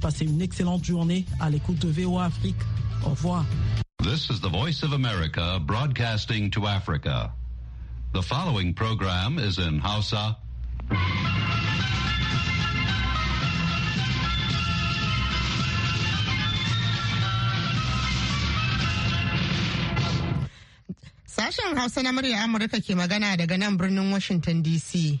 Passez une excellente journée à l'écoute de VOA Afrique. Au revoir. This is the Voice of America broadcasting to Africa. The following program is in Hausa. Sashen Hausa na murya Amurka ke magana daga nan birnin Washington DC.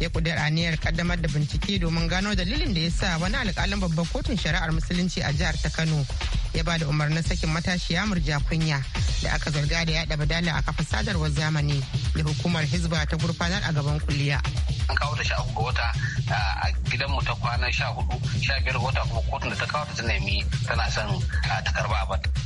ya kudura aniyar kaddamar da bincike domin gano dalilin da ya sa wani alƙalin babbar kotun shari'ar musulunci a jihar ta kano ya ba da umarnin sakin matashiya murja kunya da aka zarga da yaɗa badala a kafa sadarwar zamani da hukumar hizba ta gurfanar a gaban kuliya. an kawo ta sha ga wata a gidanmu ta kwana sha hudu sha biyar wata kuma kotun da ta kawo ta ta tana son ta karba a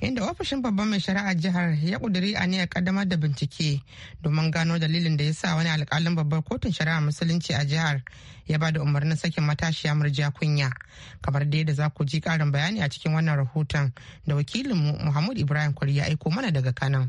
inda ofishin babban mai shari'a jihar ya kuduri aniyar kaddamar da bincike domin gano dalilin da ya sa wani alkalin babbar kotun shari'a musulunci a jihar ya ba da umarnin sakin matashiya murja kunya kamar da yadda za ku ji karin bayani a cikin wannan rahoton da wakilinmu muhammad ibrahim kwari ya aiko mana daga kanan.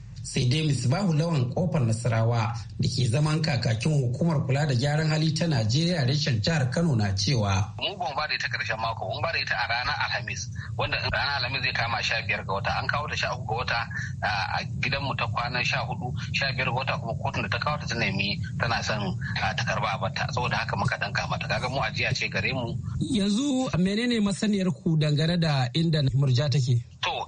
sai dai misbahu lawan kofar nasarawa da ke zaman kakakin hukumar kula da gyaran hali ta najeriya reshen jihar kano na cewa mu ba ba da ita karshen mako mun ba da ita a ranar alhamis wanda ranar alhamis zai kama sha biyar ga wata an kawo ta sha uku ga wata a gidanmu ta kwana sha hudu sha biyar ga wata kuma kotun da ta kawo ta ta nemi tana son ta karba bata saboda haka muka dan kama ta kaga mu ajiya ce gare mu yanzu menene masaniyar ku dangane da inda murja take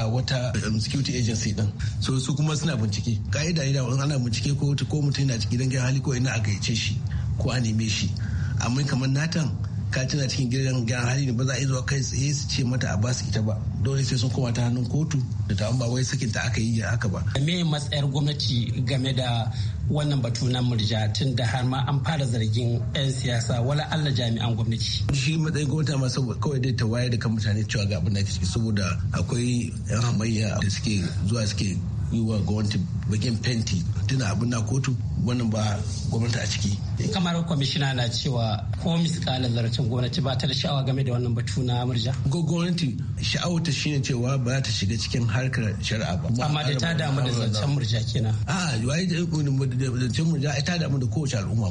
a wata um, security agency din so su kuma suna bincike ka'ida ida wani ana bincike ko ko mutum yana cikin gidan hali ko ina a gayyace shi ko a neme shi amma kamar natan ka tana cikin gidan gyaran hali ne ba za a zuwa kai tsaye su ce mata a basu ita ba dole sai sun koma ta hannun kotu da ta ba wai sakin ta aka yi haka ba me matsayar gwamnati game da wannan batu na murja tun da har ma an fara zargin 'yan siyasa wala allah jami'an gwamnati shi matsayin gwamnati ma saboda kawai dai ta waye da kan mutane cewa ga abin da ke saboda akwai yan hamayya da suke zuwa suke yi going gwamnati begin fenti tuna abin na kotu wannan ba gwamnati a ciki. kamar kwamishina na cewa ko miskala zarafin gwamnati ba ta da sha'awa game da wannan batu na murja. gwamnati sha'awata shine cewa ba ta shiga cikin harkar shari'a ba. amma da ta damu da zancen murja kenan. Ah, a zancen murja ai ta damu da kowace al'umma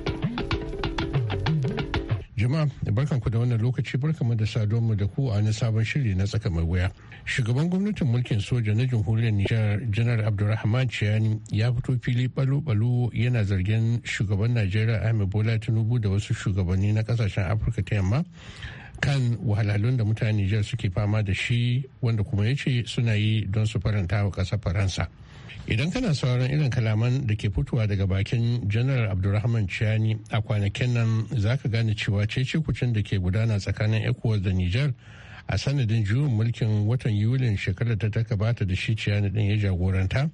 Jama'a barkan ku da wannan lokaci barkan mu da saduwar mu da ku a na sabon shiri na tsaka mai wuya. Shugaban gwamnatin mulkin soja na jamhuriyar Nijar Janar Abdulrahman Ciyani ya fito fili balo-balo yana zargin shugaban Najeriya Ahmed Bola Tinubu da wasu shugabanni na kasashen Afirka ta yamma kan wahalhalun da mutane Nijar suke fama da shi wanda kuma ya ce suna yi don su faranta wa ƙasar Faransa. idan kana sauran irin kalaman da ke fitowa daga bakin janar abdulrahman Chiani a kwanakin nan za ka gane cewa cece-kucin da ke gudana tsakanin ecuador da niger a sanadin juyin mulkin watan yulin shekarar ta ta gabata da shi ciyani din ya jagoranta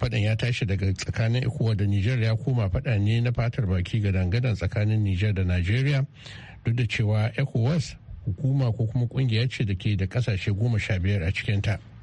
fadan ya tashi daga tsakanin ecuador da niger ya koma fada ne na fatar baki ga dangadan tsakanin niger da nigeria duk da cewa ecowas hukuma ko kuma kungiya ce da ke da kasashe goma sha biyar a cikinta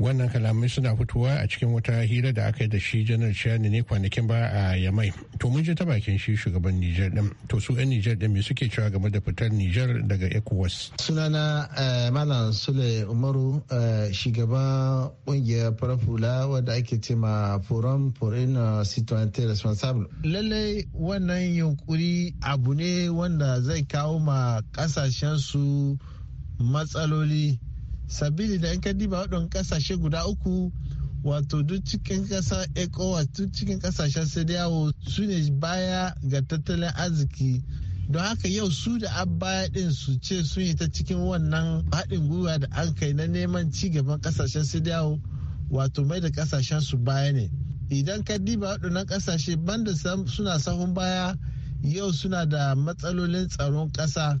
wannan kalamai suna fitowa a cikin wata hira da aka yi da shi janar shani ne kwanakin ba a yamai to mun je ta bakin shi shugaban nijar din to su yan nijar din me suke cewa game da fitar nijar daga ecowas sunana eh, malam sule umaru eh, shugaban kungiyar farafula wadda ake ce ma forum for in situante responsable lallai wannan yunkuri abu ne wanda zai kawo ma kasashen su matsaloli sabili da yan ka diba waɗon kasashe guda uku wato duk cikin ƙasa ecowas duk cikin ƙasashen sai su ne baya ga tattalin arziki don haka yau su da abaya din su ce sun yi ta cikin wannan haɗin gwiwa da an kai na neman ci gaban ƙasashen sai wato mai da ƙasashen su baya ne idan ka diba waɗannan ƙasashe banda suna sahun baya yau suna da matsalolin tsaron ƙasa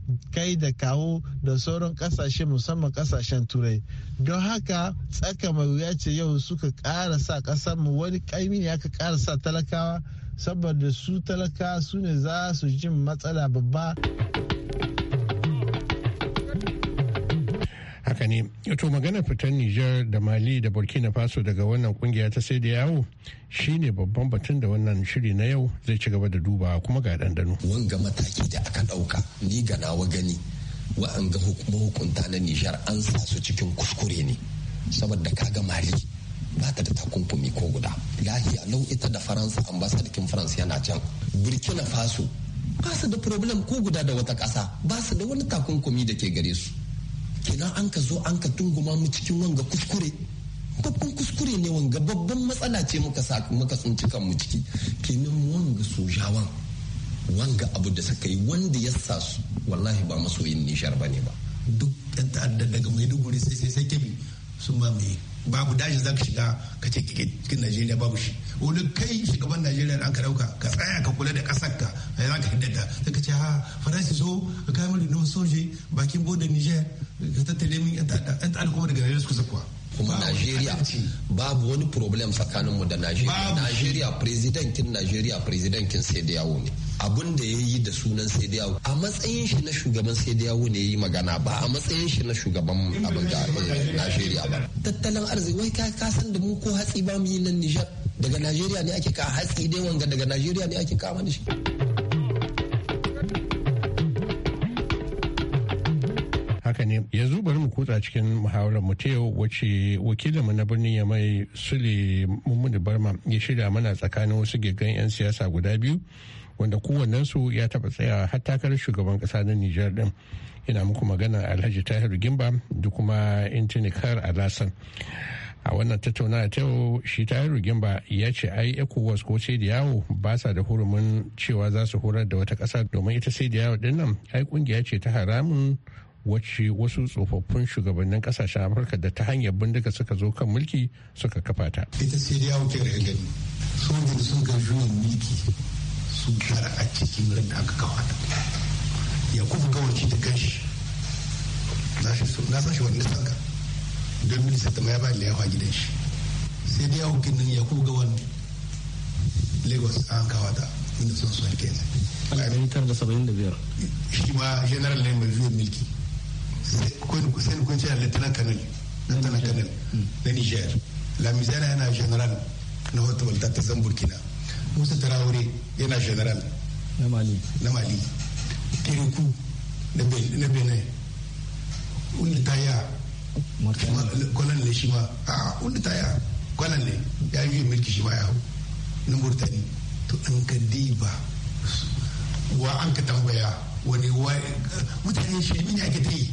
kai da kawo da sauran kasashe musamman kasashen turai don haka tsaka mai wuya ce yau suka ƙara sa ƙasar mu wani ƙaimi ne aka ƙara sa talakawa saboda su talakawa su ne za su jin matsala babba haka ne to magana fitar niger da mali da burkina faso daga wannan kungiya ta sai da yawo shine babban batun da wannan shiri na yau zai ci gaba da duba kuma ga dandano wanga mataki da aka dauka ni ga nawa gani wa'anga hukunta na Nijar an sa su cikin kuskure ne saboda kaga mali ba ta da takunkumi ko guda Lafiya lau ita da faransa ambasadikin faransa yana can burkina faso ba su da problem ko guda da wata ƙasa ba su da wani takunkumi da ke gare su kina an ka zo an ka tunguma mu cikin wanga kuskure babban kuskure ne wanga babban matsala ce muka sa muka tsinci kanmu ciki kenan wanga sojawan wanga abu da suka yi wanda ya sa su wallahi ba masoyin nishar ba ne ba duk ɗan ta'adda daga maiduguri sai sai sai kebi sun ba mu yi babu dajin za ka shiga ka ce cikin najeriya babu shi wani kai shugaban najeriya da aka dauka ka tsaya ka kula da kasar ka a za ka hiddata ta ka ce ha ah, faransi so ka kai mulki nawa soje bakin bodin niger ka tattale min yan ta'adda kuma daga najeriya kusa sakuwa kuma Najeriya babu wani problem tsakaninmu da Najeriya. Najeriya presidentin Najeriya presidentin sai da yawo ne. abun da ya yi da sunan sai a matsayin shi na shugaban sai ne ya yi magana ba a matsayin shi na shugaban abin da eh, Najeriya ba tattalin arziki wai ka san da mu ko hatsi ba mu yi nan Nijar daga Najeriya ne ake ka hatsi dai wanga daga Najeriya ne ake kama da shi haka ne yanzu bari mu kutsa cikin muhawarar mu ta yau wace wakilin mu na birnin ya mai sule mummuni barma ya shirya mana tsakanin wasu gigan 'yan siyasa guda biyu wanda kowannensu ya taɓa tsaya har takarar shugaban ƙasa na Nijar ɗin. Ina muku magana Alhaji tahir Gimba da kuma Intinikar Alasan. a wannan tattaunawa ta yau shi tahir gimba ya ce ai ecowas ko sai yawo ba sa da hurumin cewa za su horar da wata ƙasa domin ita sai yawo din nan ai kungiya ce ta haramun wacce wasu tsofaffin shugabannin kasashen amurka da ta hanyar bindiga suka zo kan mulki suka kafa ta ita sai yawo ke da gani sun sun ga mulki sun kara a cikin ran da aka kawo ya kufu gawarki da kanshi na sashi wani sanka don minista ta ya ba da ya gidan shi sai da yawon kinnan ya kufu Gawar lagos an kawo ta inda sun son kenan. Alƙalin tar da saba'in da biyar. Shi ma general ne mai zuwa milki. Sai ni kunce da lieutenant colonel. Lieutenant colonel na Niger. La Lamizana yana general na hotel ta ta Zamburkina. musa tarawore yana general na mali na mali kiriku na benin wani taya kwanan ne shi ma a wani taya kwanan ne ya yi mulki shi ma ya na murtani to an ka diba wa an ka tambaya wani mutane shi ne ake ta yi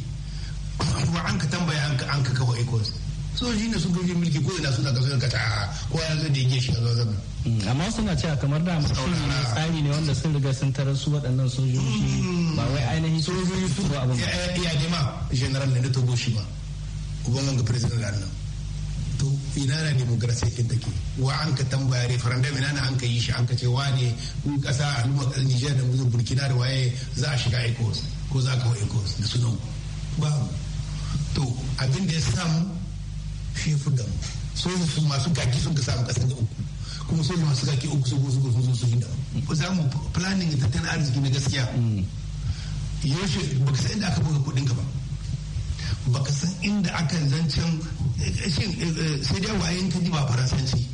wa an ka tambaya an ka kawai ecos sojoji ne sun kai mulki ko ina suna kasar kata ko ya zai da yake shi a zama mm, amma suna cewa kamar da masu ne tsari ne wanda sun riga sun tarar su waɗannan sojoji mm. ba wai ainihin sojoji su ba abin ya ya ma general ne na togo shi ba uban wanga president da nan to ina na demokrasiya kin take wa an ka tambaya referendum ina na an ka yi shi an ka ce wa ne ku kasa al'umma kasar Nijar da muzin Burkina da waye za a shiga ECOWAS ko za ka wa ECOWAS da sunan ba to abin da ya samu shi fi da soja su masu gaki sun ka samu kasar da uku kuma soja masu gaki uku su gosu gosu sun su hinda ku samu planning tattalin arziki na gaskiya yaushe Ba ka san inda aka buga kudin ka ba ka san inda aka zancen eh, shin eh, eh, sai dai wayan ka ji ba faransanci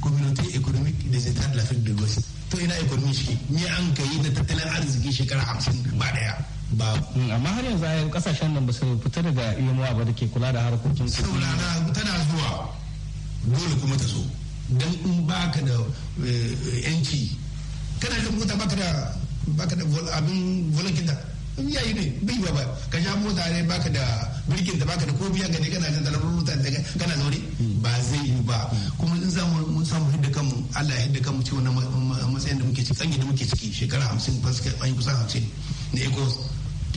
community economic des états de l'Afrique de l'Ouest to ina economy shi me an kai na tattalin arziki shekara 50 ba daya ba mm, amma har yanzu ayyukan kasashen nan ba su fita daga yomowa ba da ke kula da harkokin su saboda tana zuwa dole kuma ta zo dan in baka da eh, yanci kana da mota baka da baka da abin volokin da yayi ne bai ba ba ka ja mota ne baka da birkin da baka da ko biyan ne kana jin talabar mota da kana zaure ba zai yi ba kuma in za mu samu hidda kanmu Allah ya hidda kanmu cewa na matsayin da muke ciki tsangi da muke ciki shekara 50 fasika an yi kusan 50 ne ecos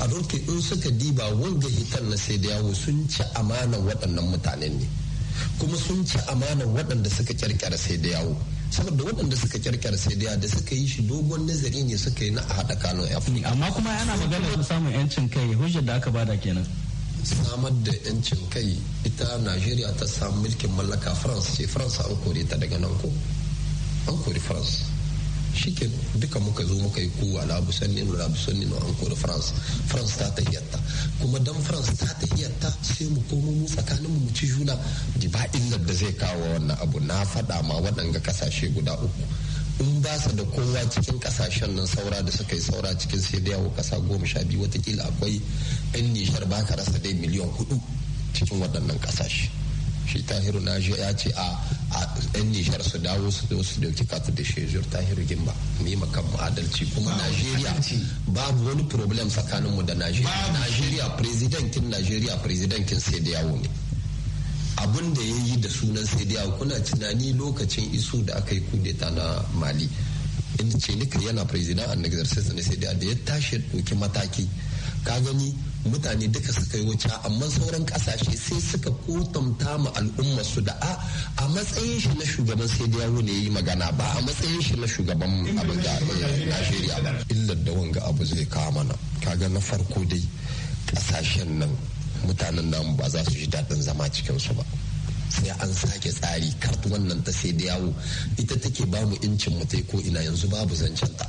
a rurke in suka diba wanga hitar na sai da yawo sun ci amanar waɗannan mutanen ne kuma sun ci amanar waɗanda suka kirkira sai da yawo saboda waɗanda suka kirkira sai da da suka yi shi dogon nazari ne suka yi na a haɗa kano fi amma kuma yana magana samun yancin kai hujjar da aka bada kenan samar da yancin kai ita najeriya ta samu mulkin mallaka france ce france an kore ta daga nan ko an kori france shike duka muka zo muka yi kowa la sanni no la sanni no anko da France France ta kuma dan France ta tayyata sai mu komo mu tsakanin mu ci juna ba illar da zai kawo wannan abu na faɗa ma waɗanga kasashe guda uku in ba su da kowa cikin kasashen nan saura da suka yi saura cikin sai da yawo kasa goma sha biyu watakila akwai yan nishar baka rasa dai miliyan hudu cikin waɗannan kasashe shi tahiru na ya ce a a yan nishar su dawo su zo su dauki katu da shezur ta hirgin ba mu yi makan adalci kuma najeriya babu wani problem tsakanin mu da najeriya najeriya presidentin najeriya presidentin sai da yawo ne abun da ya yi da sunan sai da yawo kuna tunani lokacin iso da aka yi kudeta na mali in ce nika yana president an exercise ne sai da ya tashi ya mataki ka gani mutane duka suka yi wuce amma sauran kasashe sai suka kotamta ma al'umma su da a a matsayin shi na shugaban sai da yawo ne yi magana ba a matsayin shi na shugaban abin da eh, Najeriya ba illar da wanga abu zai kawo mana kaga na farko dai kasashen nan mutanen namu ba za su ji daɗin zama cikin su ba sai an sake tsari kart wannan ta sai da yawo ita take bamu incin mu ko ina yanzu babu zancen ta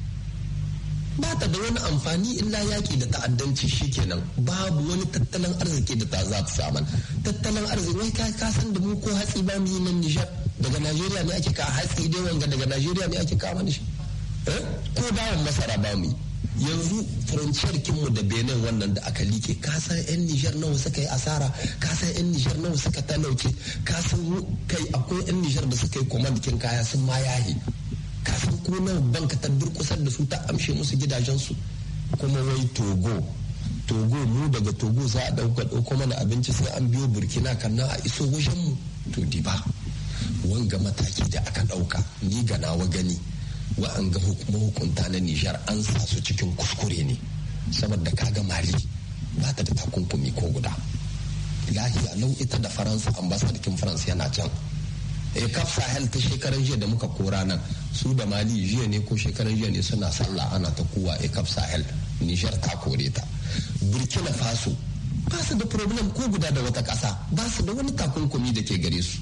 ba ta da wani amfani illa yaƙi da ta'addanci shi kenan babu wani tattalin arziki da ta za ta samu tattalin arziki wai ka ka da mu ko hatsi ba mu yi nan nishar daga Najeriya ne ake ka hatsi dai wanga daga Najeriya ne ake kama shi. Eh? ko bawan masara ba mu yanzu furanciyar kinmu da benin wannan da aka like kasan yan nijar nawa suka yi asara kasan yan nijar nawa suka talauke kasan kai akwai yan nijar da suka yi kwamandikin kaya sun ma yahi na ban ta kusan da su ta amshe musu gidajensu kuma wai togo togo mu daga togo za a dauka dauko mana abinci sai an biyo burkina na a iso wajenmu to di ba wanga mataki da aka ɗauka ni ga nawa gani an ga mahukunta na nijar an sa su cikin kuskure ne saboda kaga mali ba ta da takunkumi ko guda lahiya nau'ita da faransa ambasadakin faransa yana can e eh, kafa ta shekaran jiya da muka kora nan su da mali jiya ne ko shekaran jiya ne suna sallah ana ta kowa e eh, kaf sahel nijar ta kore ta burkina faso ba su da problem ko guda da wata kasa ba su da wani takunkumi da ke gare su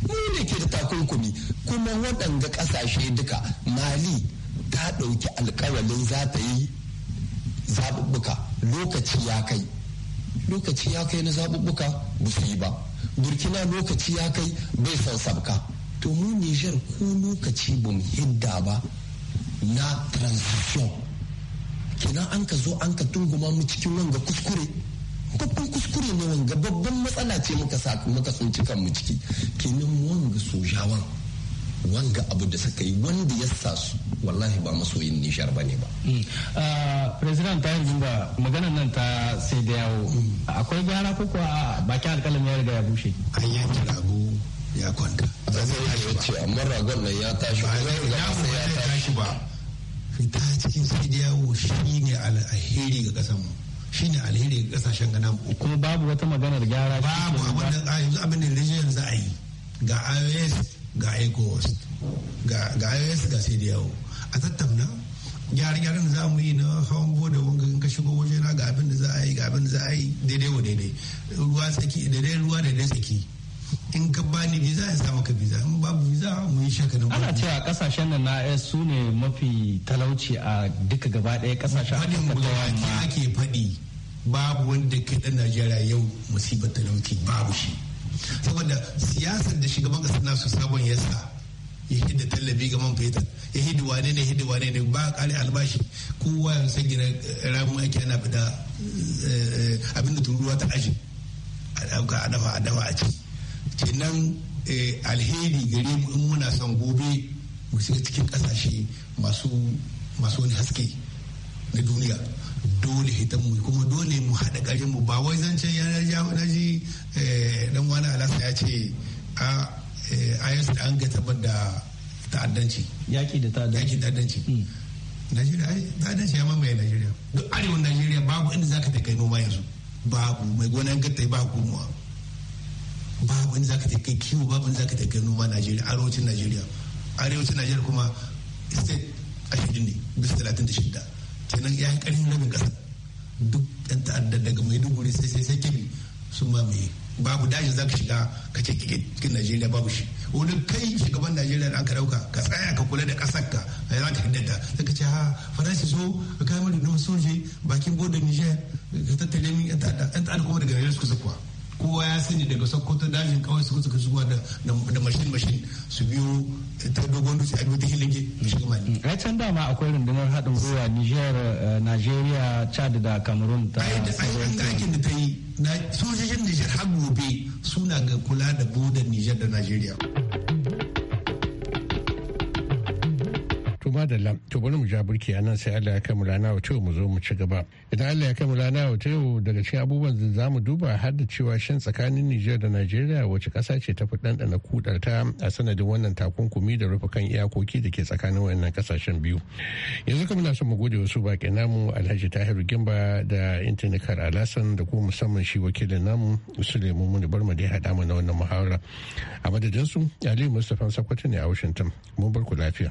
mu ne ke da takunkumi kuma waɗanda ƙasashe duka mali ta ɗauki alkawalin za ta yi zaɓuɓɓuka lokaci ya kai lokaci ya kai na zaɓuɓɓuka ba su yi ba burkina lokaci ya kai bai son sabka to mu nijar ko lokaci ba mu hidda ba na transition kina an ka zo an ka tunguma mu cikin wanga kuskure babban kuskure ne wanga babban matsala ce muka sa muka tsinci mu ciki kenan wanga sojawan wanga abu da suka yi wanda ya sa su wallahi ba masoyin nishar ba ne mm. ba. Ah, president ta yanzu ba maganar nan ta sai da yawo mm. akwai gyara ko a ah, baki alkalin ya riga ya bushe. an yanke rago ya kwanta. ba zai ya ce amma ragon nan ya tashi ba zai ya tashi ba. fita cikin sai da yawo shi ne alheri ga mu shi ne alheri ga kasashen gana kuma babu wata maganar gyara. babu abin da yanzu abin da yanzu a yi ga ios ga ecowas ga ios ga cdo a tattauna gyare-gyaren da za mu yi na hawan boda wanga in ka shigo waje na ga abin da za a yi ga abin da za a yi daidai wa daidai ruwa tsaki daidai ruwa daidai tsaki in ka bani visa ya sa maka visa in babu visa mu yi shaka nan ana cewa kasashen nan na AS su ne mafi talauci a duka gaba daya kasashen fadin bugawaki ake faɗi babu wanda ke dan Najeriya yau musibar talauci babu shi saboda siyasar da shugaban na su sabon yasa ya hidda tallafi ga man fetur ya hidda wane ne hidda wane ne ba kare albashi kowa ya san gina ramu ake ana fita eh, abin da turuwa ta aji a dauka a dafa a dafa a ci kenan eh, alheri gare mu in muna son gobe mu shiga cikin kasashe masu wani haske na duniya dole ita mu kuma dole mu haɗa ƙarfin mu ba wai zance ya ji eh, dan wani alasa ya ce a eh, is da an ga tabbar da ta'addanci yaƙi da ta'addanci ta'addanci mm. Najeriya ai ta'addanci ya mamaye Najeriya duk arewan Najeriya babu inda zaka ta kai noma yanzu babu mai gonan gatta ba kuma babu inda zaka ta kai kiwo babu inda zaka ta kai noma Najeriya arewacin Najeriya arewacin Najeriya kuma state ashirin ne bisa kenan ya karin na kasa duk yan ta'adda daga mai maiduguri sai sai sai kebi sun mamaye babu dajin za ka shiga ka ce cikin najeriya babu shi wani kai shugaban najeriya da aka dauka ka tsaya ka kula da kasar ka a za ka hiddata sai ka ce ha faransa so ka kai mana da soje bakin bodin niger ka tattale min yan ta'adda kuma daga najeriya suka zakuwa kowa ya sani daga sokoto dajin kawai su suka shigo da mashin mashin su biyo ta dogon dutse a dutse hilage shiga mali mm, ai can dama akwai rundunar haɗin gwiwa niger eh, nigeria chad da cameroon ta aikin da ta yi sojojin niger har gobe suna ga kula da bodar niger da nigeria madalla to bari mu ja burki anan sai Allah ya kai mu lana wato mu zo mu ci gaba idan Allah ya mu lana wato daga cikin abubuwan da za mu duba har da cewa shin tsakanin Niger da Najeriya wace kasa ce ta fi ɗanɗana kudar ta a sanadin wannan takunkumi da rufe kan iyakoki da ke tsakanin wannan kasashen biyu yanzu kuma na so mu gode wasu baƙi namu Alhaji Tahiru Gimba da Kar Alasan da kuma musamman shi wakilin namu Suleiman Muni Barma da ya hada mana wannan muhawara a su Aliyu Mustapha Sakwato ne a Washington mun bar ku lafiya.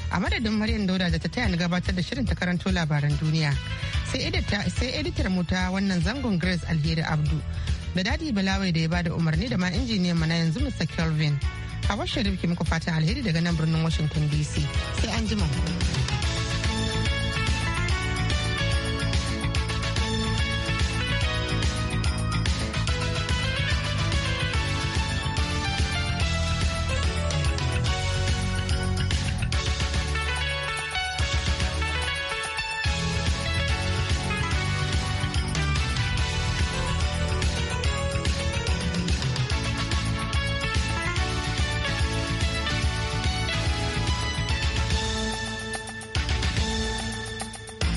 a madadin maryam dauda da ta taya ni gabatar da shirin ta karanto labaran duniya sai editar mu wannan zangon grace alheri abdu da dadi balawai da ya bada umarni da ma injiniyan mana yanzu mr kelvin a washe muka fatan alheri daga nan birnin washington dc sai an jima.